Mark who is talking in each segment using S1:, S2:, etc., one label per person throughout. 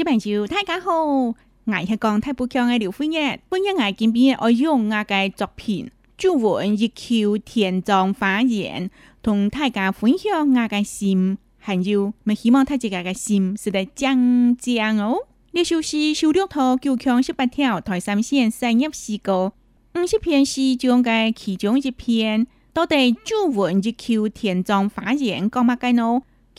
S1: 小朋友，大家好！我係講大埔腔嘅劉惠月，本日我見邊日我用我嘅作品《註文一坵田莊花園》，同大家分享我嘅心，還有咪希望大家嘅心，是在正正哦！呢、嗯、首詩收錄喺《九腔十八調》台三線，產業詩歌，五十篇詩中嘅其中一篇，到底《註文一坵田莊花園》講乜嘅呢？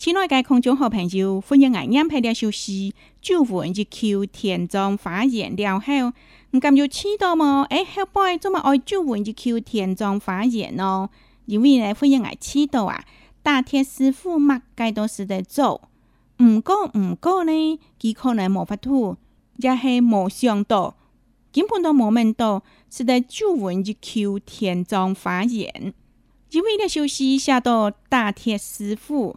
S1: 親愛個空中好朋友，歡迎來音睇下休息。註文一坵田莊花園了後，唔甘就遲到嗎？誒、欸，這擺做麼？愛註文一坵田莊花園咯，因為咧歡迎來遲到啊！打鐵師傅嘛，嘢都是在做，毋、嗯、過毋、嗯、過呢，伊可能無法度，也係無想到，根本都無問到是得註文一坵田莊花園。因為咧，休息一下到打鐵師傅。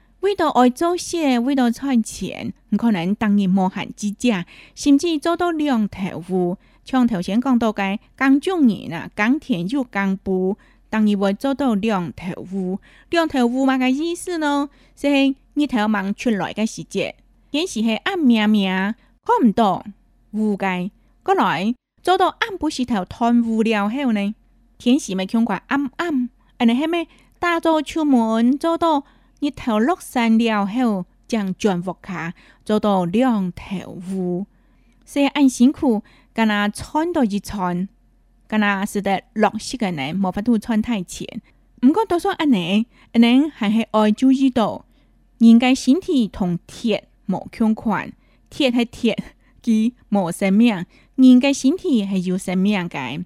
S1: 為到愛做事，為到賺錢，唔可能等於摸黑之家，甚至做到兩頭烏。像頭先講到嘅，耕種人啊，耕田又耕埔，等於會做到兩頭烏。兩頭烏嘛，嘅意思呢？咯？是日頭望出來嘅時節，天時係暗面面，看唔到烏嘅。過來做到暗部時頭貪污了後呢？天時咪向過暗暗，係咪？打左出門做到。日頭落山了後，將捲屋卡做到兩頭烏，是按辛苦，跟他穿多一穿，跟他使得落色嘅人，無法度穿太淺。唔過都說阿你，阿你還是愛注意到，人嘅身體同鐵冇相關，鐵係鐵，佢冇生命，人嘅身體係有生命嘅。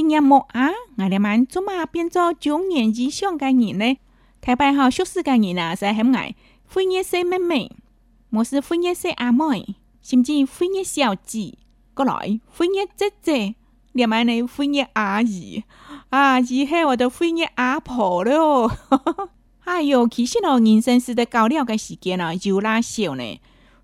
S1: 今日莫啊，我哋晚做乜變做九年以上嘅人呢？大牌後熟識嘅人啊，就係咁解。婚夜小妹妹，我是婚夜小阿妹，甚至婚夜小姐，過來婚夜姐姐，連埋你婚夜阿姨，啊，以後我都婚夜阿婆咯、哦。哎 喲、啊，其實我人生是得高了嘅時間啊，就哪少呢？